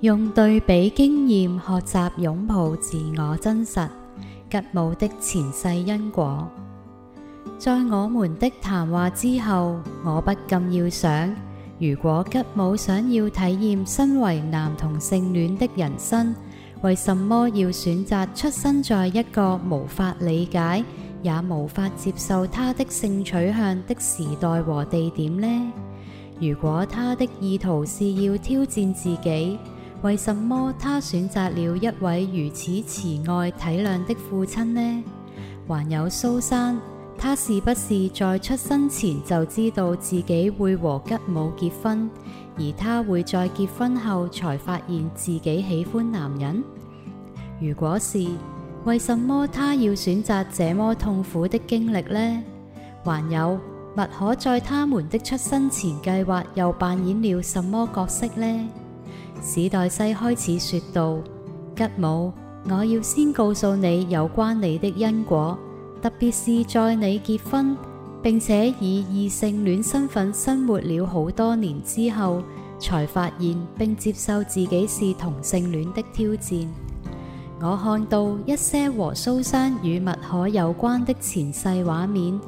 用對比經驗學習擁抱自我真實。吉姆的前世因果，在我們的談話之後，我不禁要想：如果吉姆想要體驗身為男同性戀的人生，為什麼要選擇出生在一個無法理解也無法接受他的性取向的時代和地點呢？如果他的意圖是要挑戰自己，為什麼他選擇了一位如此慈愛體諒的父親呢？還有蘇珊，她是不是在出生前就知道自己會和吉姆結婚，而她會在結婚後才發現自己喜歡男人？如果是，為什麼她要選擇這麼痛苦的經歷呢？還有，麥可在他們的出生前計劃又扮演了什麼角色呢？史黛西開始說道：吉姆，我要先告訴你有關你的因果，特別是在你結婚並且以異性戀身份生活了好多年之後，才發現並接受自己是同性戀的挑戰。我看到一些和蘇珊與麥可有關的前世畫面，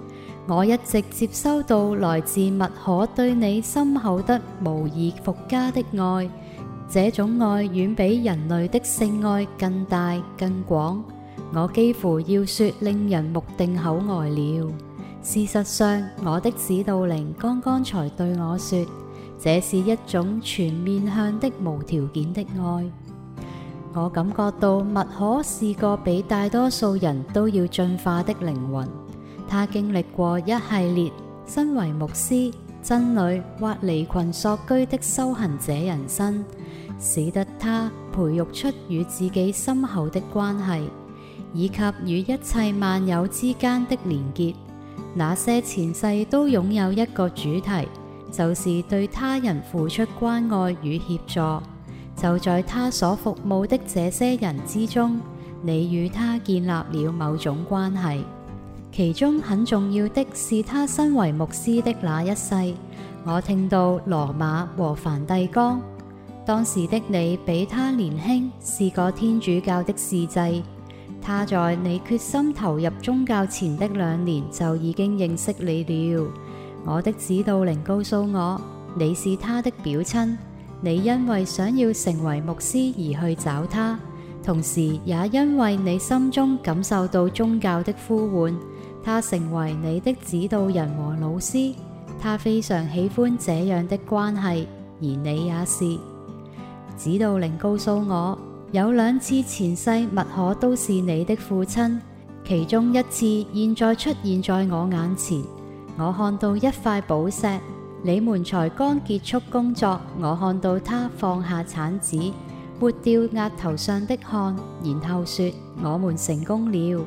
我一直接收到來自麥可對你深厚得無以復加的愛。這種愛遠比人類的性愛更大更廣，我幾乎要說令人目定口呆了。事實上，我的指導靈剛剛才對我說，這是一種全面向的無條件的愛。我感覺到麥可是個比大多數人都要進化的靈魂，他經歷過一系列，身為牧師、僧侶或離群索居的修行者人生，使得他培育出與自己深厚的關係，以及與一切萬有之間的連結。那些前世都擁有一個主題，就是對他人付出關愛與協助。就在他所服務的這些人之中，你與他建立了某種關係。其中很重要的是，他身為牧師的那一世，我聽到羅馬和梵蒂岡。當時的你比他年輕，是個天主教的侍祭。他在你決心投入宗教前的兩年就已經認識你了。我的指導靈告訴我，你是他的表親。你因為想要成為牧師而去找他，同時也因為你心中感受到宗教的呼喚。他成為你的指導人和老師，他非常喜歡這樣的關係，而你也是。指導靈告訴我，有兩次前世勿可都是你的父親，其中一次現在出現在我眼前。我看到一塊寶石，你們才剛結束工作，我看到他放下鏟子，抹掉額頭上的汗，然後說：我們成功了。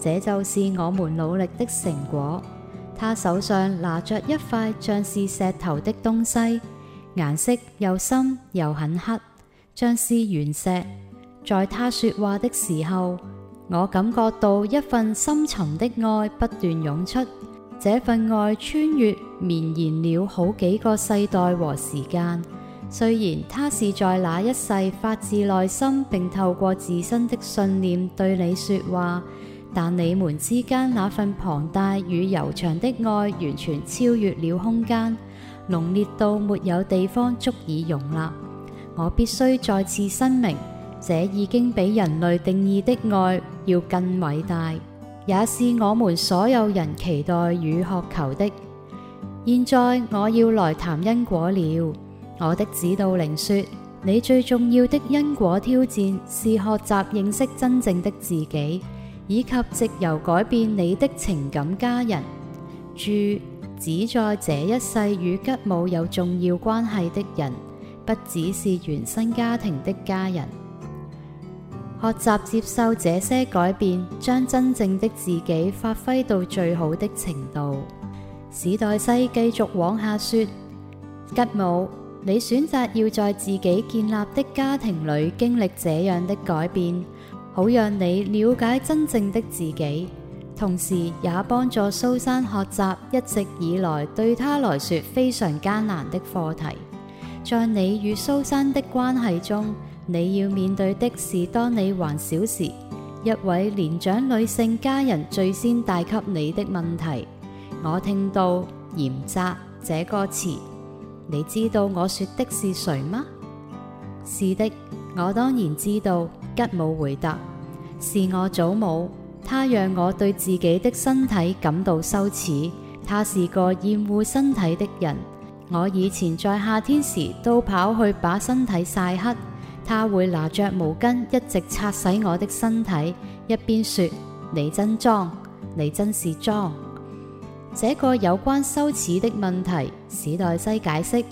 這就是我們努力的成果。他手上拿着一塊像是石頭的東西，顏色又深又很黑，像是原石。在他說話的時候，我感覺到一份深沉的愛不斷湧出。這份愛穿越綿延了好幾個世代和時間。雖然他是在那一世發自內心，並透過自身的信念對你說話。但你們之間那份龐大與悠長的愛，完全超越了空間，濃烈到沒有地方足以容納。我必須再次申明，這已經比人類定義的愛要更偉大，也是我們所有人期待與渴求的。現在我要來談因果了。我的指導靈說，你最重要的因果挑戰是學習認識真正的自己。以及藉由改變你的情感家人，注只在這一世與吉姆有重要關係的人，不只是原生家庭的家人。學習接受這些改變，將真正的自己發揮到最好的程度。史黛西繼續往下説：吉姆，你選擇要在自己建立的家庭裏經歷這樣的改變。好讓你了解真正的自己，同時也幫助蘇珊學習一直以來對她來說非常艱難的課題。在你與蘇珊的關係中，你要面對的是當你還小時，一位年長女性家人最先帶給你的問題。我聽到“嚴責”這個詞，你知道我說的是誰嗎？是的，我當然知道。吉姆回答，是我祖母，她讓我對自己的身體感到羞恥。她是個厭惡身體的人。我以前在夏天時都跑去把身體曬黑，她會拿着毛巾一直擦洗我的身體，一邊說：你真髒，你真是髒，這個有關羞恥的問題，史黛西解釋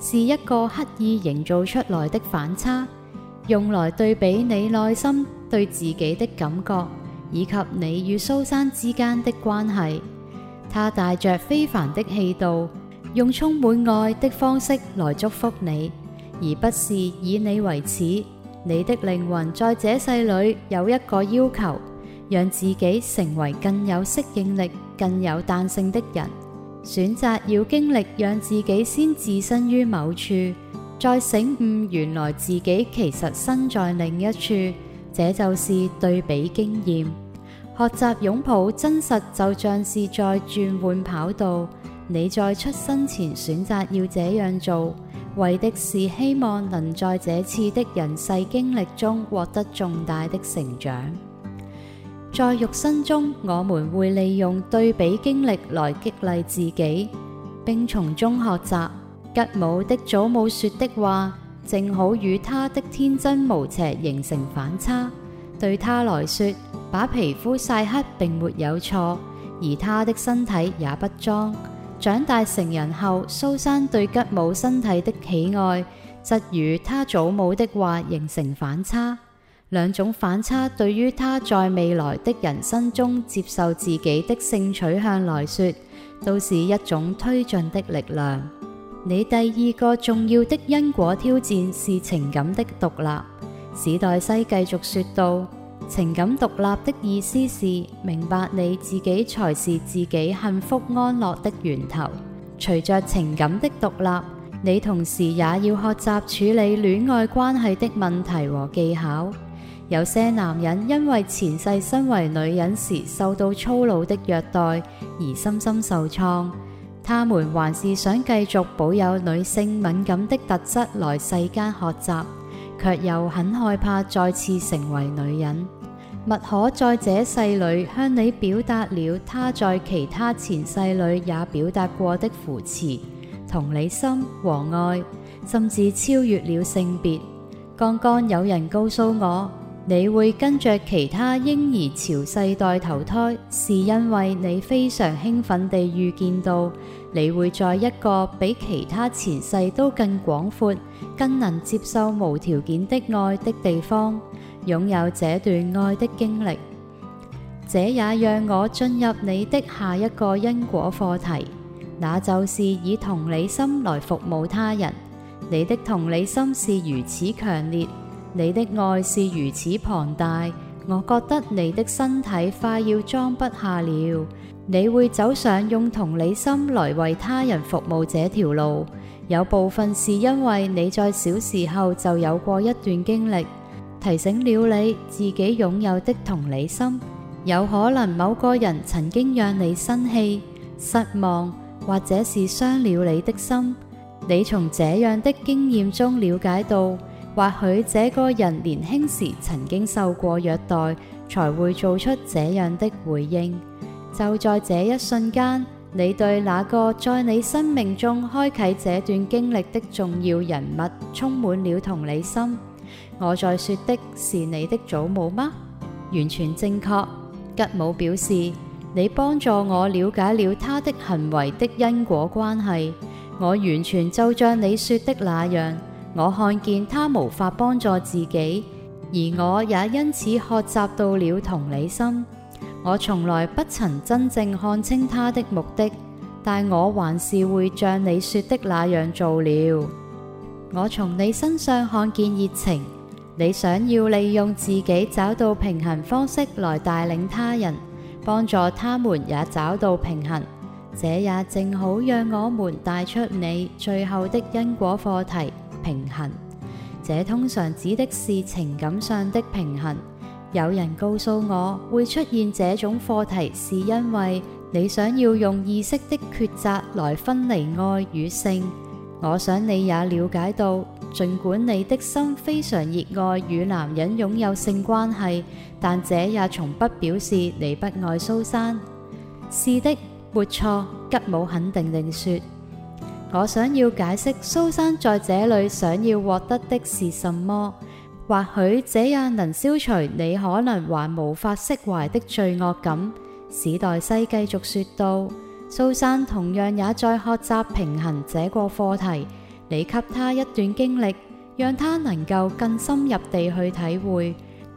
是一個刻意營造出來的反差。用來對比你內心對自己的感覺，以及你與蘇珊之間的關係。他帶着非凡的氣度，用充滿愛的方式來祝福你，而不是以你為恥。你的靈魂在這世裏有一個要求，讓自己成為更有適應力、更有彈性的人。選擇要經歷，讓自己先置身於某處。再醒悟，原來自己其實身在另一處，這就是對比經驗。學習擁抱真實，就像是在轉換跑道。你在出生前選擇要這樣做，為的是希望能在這次的人世經歷中獲得重大的成長。在肉身中，我們會利用對比經歷來激勵自己，並從中學習。吉姆的祖母說的話，正好與他的天真無邪形成反差。對他來說，把皮膚曬黑並沒有錯，而他的身體也不髒。長大成人後，蘇珊對吉姆身體的喜愛，則與他祖母的話形成反差。兩種反差對於他在未來的人生中接受自己的性取向來說，都是一種推進的力量。你第二個重要的因果挑戰是情感的獨立。史黛西繼續說道：情感獨立的意思是明白你自己才是自己幸福安樂的源頭。隨着情感的獨立，你同時也要學習處理戀愛關係的問題和技巧。有些男人因為前世身為女人時受到粗魯的虐待而深深受創。他們還是想繼續保有女性敏感的特質來世間學習，卻又很害怕再次成為女人。麥可在這世裏向你表達了她在其他前世裏也表達過的扶持、同理心和愛，甚至超越了性別。剛剛有人告訴我。你會跟着其他嬰兒潮世代投胎，是因為你非常興奮地預見到你會在一個比其他前世都更廣闊、更能接受無條件的愛的地方擁有這段愛的經歷。這也讓我進入你的下一個因果課題，那就是以同理心來服務他人。你的同理心是如此強烈。你的愛是如此龐大，我覺得你的身體快要裝不下了。你會走上用同理心來為他人服務這條路，有部分是因為你在小時候就有過一段經歷，提醒了你自己擁有的同理心。有可能某個人曾經讓你生氣、失望，或者是傷了你的心。你從這樣的經驗中了解到。或許這個人年輕時曾經受過虐待，才會做出這樣的回應。就在這一瞬間，你對那個在你生命中開啟這段經歷的重要人物充滿了同理心。我在說的是你的祖母嗎？完全正確，吉姆表示，你幫助我了解了他的行為的因果關係。我完全就像你說的那樣。我看見他無法幫助自己，而我也因此學習到了同理心。我從來不曾真正看清他的目的，但我還是會像你說的那樣做了。我從你身上看見熱情，你想要利用自己找到平衡方式來帶領他人，幫助他們也找到平衡。這也正好讓我們帶出你最後的因果課題。平衡，這通常指的是情感上的平衡。有人告訴我會出現這種課題，是因為你想要用意識的抉擇來分離愛與性。我想你也了解到，儘管你的心非常熱愛與男人擁有性關係，但這也從不表示你不愛蘇珊。是的，沒錯，吉姆肯定地說。我想要解釋蘇珊在這裏想要獲得的是什麼，或許這也能消除你可能還無法釋懷的罪惡感。史黛西繼續說道：蘇珊同樣也在學習平衡這個課題，你給他一段經歷，讓他能夠更深入地去體會，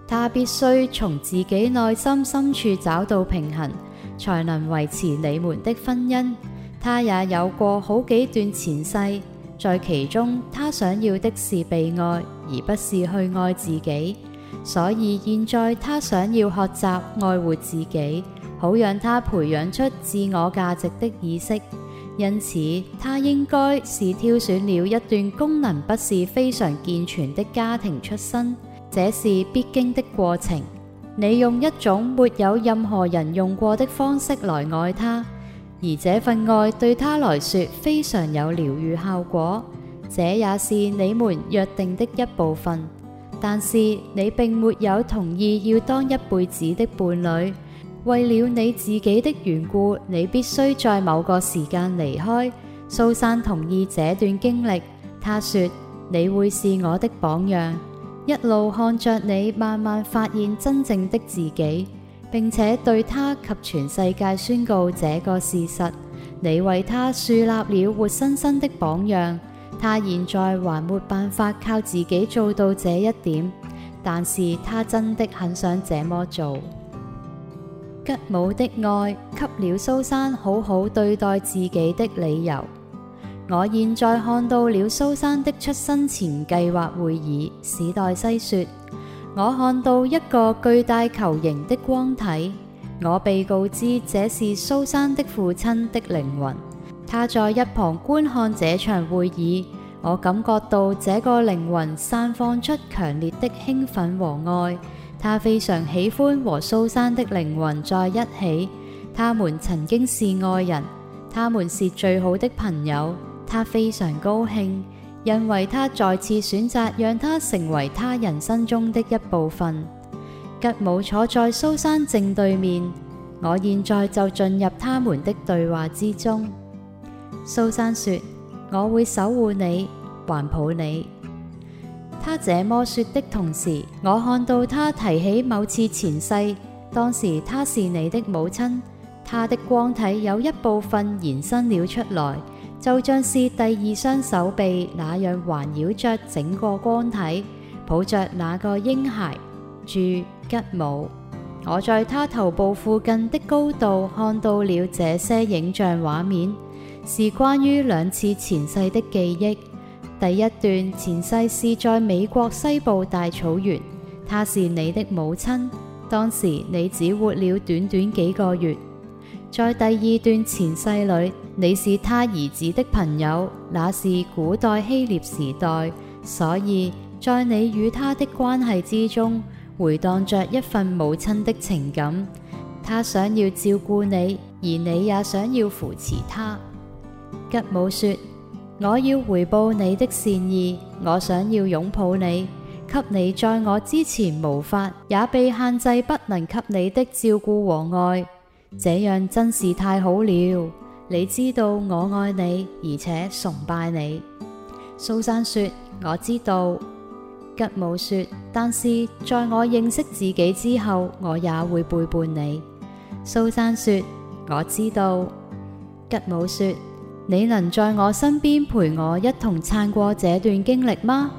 他必須從自己內心深處找到平衡，才能維持你們的婚姻。他也有過好幾段前世，在其中他想要的是被愛，而不是去愛自己。所以現在他想要學習愛護自己，好讓他培養出自我價值的意識。因此他應該是挑選了一段功能不是非常健全的家庭出身，這是必經的過程。你用一種沒有任何人用過的方式來愛他。而這份愛對他來說非常有療癒效果，這也是你們約定的一部分。但是你並沒有同意要當一輩子的伴侶，為了你自己的緣故，你必須在某個時間離開。蘇珊同意這段經歷，她說：你會是我的榜樣，一路看著你慢慢發現真正的自己。並且對他及全世界宣告這個事實，你為他樹立了活生生的榜樣。他現在還沒辦法靠自己做到這一點，但是他真的很想這麼做。吉姆的愛給了蘇珊好好對待自己的理由。我現在看到了蘇珊的出生前計劃會議，史黛西說。我看到一個巨大球形的光體，我被告知這是蘇珊的父親的靈魂。他在一旁觀看這場會議。我感覺到這個靈魂散放出強烈的興奮和愛。他非常喜歡和蘇珊的靈魂在一起。他們曾經是愛人，他們是最好的朋友。他非常高興。因為他再次選擇讓他成為他人生中的一部分。吉姆坐在蘇珊正對面，我現在就進入他們的對話之中。蘇珊說：我會守護你，環抱你。他這麼說的同時，我看到他提起某次前世，當時她是你的母親，她的光體有一部分延伸了出來。就像是第二雙手臂那樣環繞着整個光體，抱着那個嬰孩住吉姆。我在他頭部附近的高度看到了這些影像畫面，是關於兩次前世的記憶。第一段前世是在美國西部大草原，她是你的母親，當時你只活了短短幾個月。在第二段前世裏，你是他兒子的朋友，那是古代希臘時代，所以在你與他的關係之中回蕩着一份母親的情感。他想要照顧你，而你也想要扶持他。吉姆說：我要回報你的善意，我想要擁抱你，給你在我之前無法也被限制不能給你的照顧和愛。這樣真是太好了。你知道我愛你，而且崇拜你。蘇珊說：我知道。吉姆說：但是在我認識自己之後，我也會背叛你。蘇珊說：我知道。吉姆說：你能在我身邊陪我一同撐過這段經歷嗎？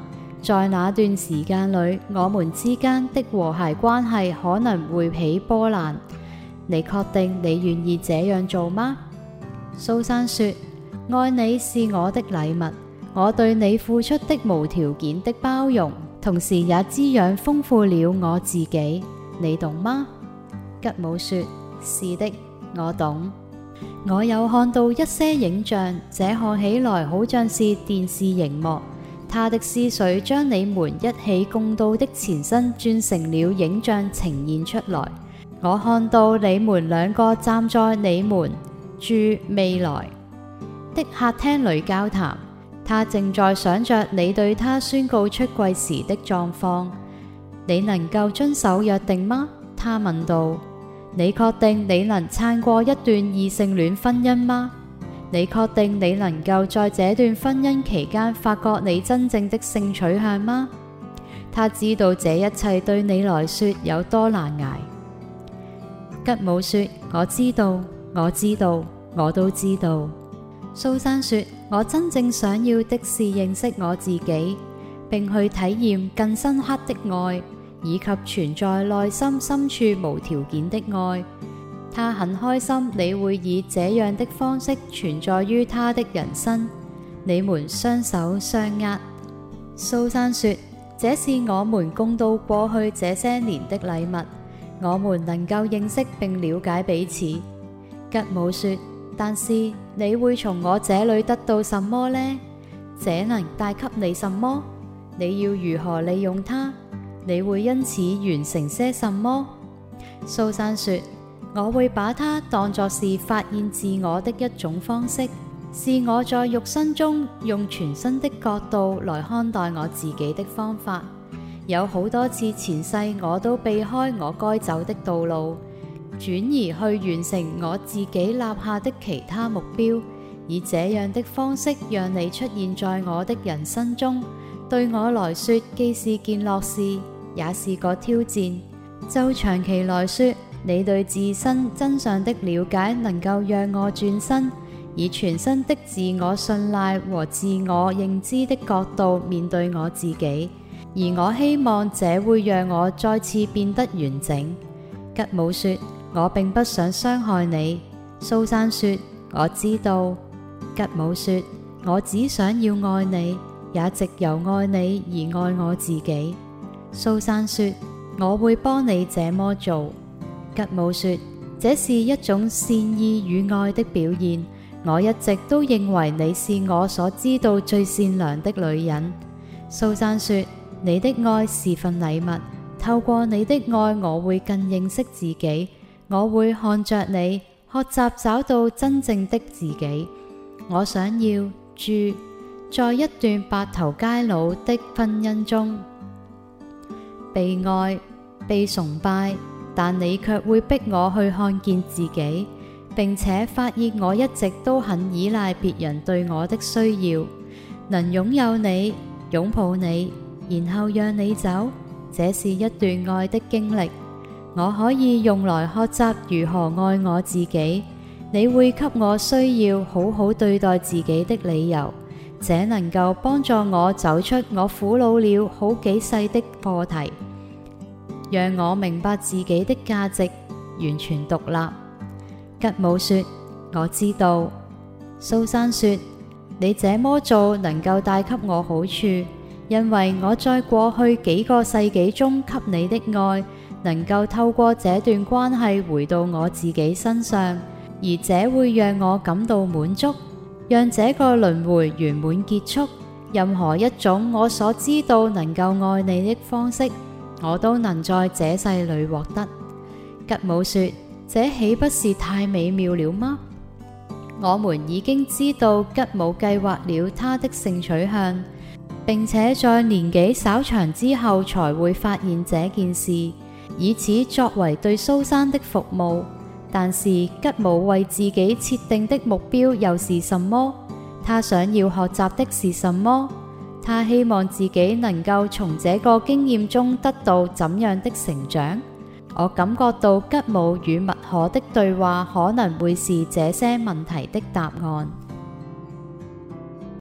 在那段時間裏，我們之間的和諧關係可能會起波瀾。你確定你願意這樣做嗎？蘇珊說：愛你是我的禮物，我對你付出的無條件的包容，同時也滋養豐富了我自己，你懂嗎？吉姆說：是的，我懂。我有看到一些影像，這看起來好像是電視熒幕，他的思緒將你們一起共度的前生轉成了影像呈現出來。我看到你們兩個站在你們住未來的客廳裏交談，他正在想着你對他宣告出櫃時的狀況。你能夠遵守約定嗎？他問道。你確定你能撐過一段異性戀婚姻嗎？你確定你能夠在這段婚姻期間發覺你真正的性取向嗎？他知道這一切對你來說有多難捱。吉姆說：“我知道。”我知道，我都知道。蘇珊說，我真正想要的是認識我自己，並去體驗更深刻的愛，以及存在內心深處無條件的愛。她很開心你會以這樣的方式存在於她的人生。你們雙手相握。蘇珊說，這是我們共度過去這些年的禮物。我們能夠認識並了解彼此。吉姆說，但是你會從我這裏得到什麼呢？這能帶給你什麼？你要如何利用它？你會因此完成些什麼？蘇珊說，我會把它當作是發現自我的一種方式，是我在肉身中用全新的角度來看待我自己的方法。有好多次前世我都避開我該走的道路。轉而去完成我自己立下的其他目標，以這樣的方式讓你出現在我的人生中，對我來說既是件樂事，也是個挑戰。就長期來說，你對自身真相的了解能夠讓我轉身，以全新的自我信賴和自我認知的角度面對我自己，而我希望這會讓我再次變得完整。吉姆說。我並不想傷害你。蘇珊說，我知道。吉姆說，我只想要愛你，也藉由愛你而愛我自己。蘇珊說，我會幫你這麼做。吉姆說，這是一種善意與愛的表現。我一直都認為你是我所知道最善良的女人。蘇珊說，你的愛是份禮物，透過你的愛，我會更認識自己。我會看着你，學習找到真正的自己。我想要住在一段白頭偕老的婚姻中，被愛、被崇拜，但你卻會逼我去看見自己，並且發現我一直都很依賴別人對我的需要。能擁有你、擁抱你，然後讓你走，這是一段愛的經歷。我可以用來學習如何愛我自己。你會給我需要好好對待自己的理由，這能夠幫助我走出我苦惱了好幾世的課題，讓我明白自己的價值，完全獨立。吉姆說：我知道。蘇珊說：你這麼做能夠帶給我好處，因為我在過去幾個世紀中給你的愛。能夠透過這段關係回到我自己身上，而這會讓我感到滿足，讓這個輪迴圓滿結束。任何一種我所知道能夠愛你的方式，我都能在這世裏獲得。吉姆說，這豈不是太美妙了嗎？我們已經知道吉姆計劃了他的性取向，並且在年紀稍長之後才會發現這件事，以此作為對蘇珊的服務，但是吉姆為自己設定的目標又是什麼？他想要學習的是什麼？他希望自己能夠從這個經驗中得到怎樣的成長？我感覺到吉姆與麥可的對話可能會是這些問題的答案。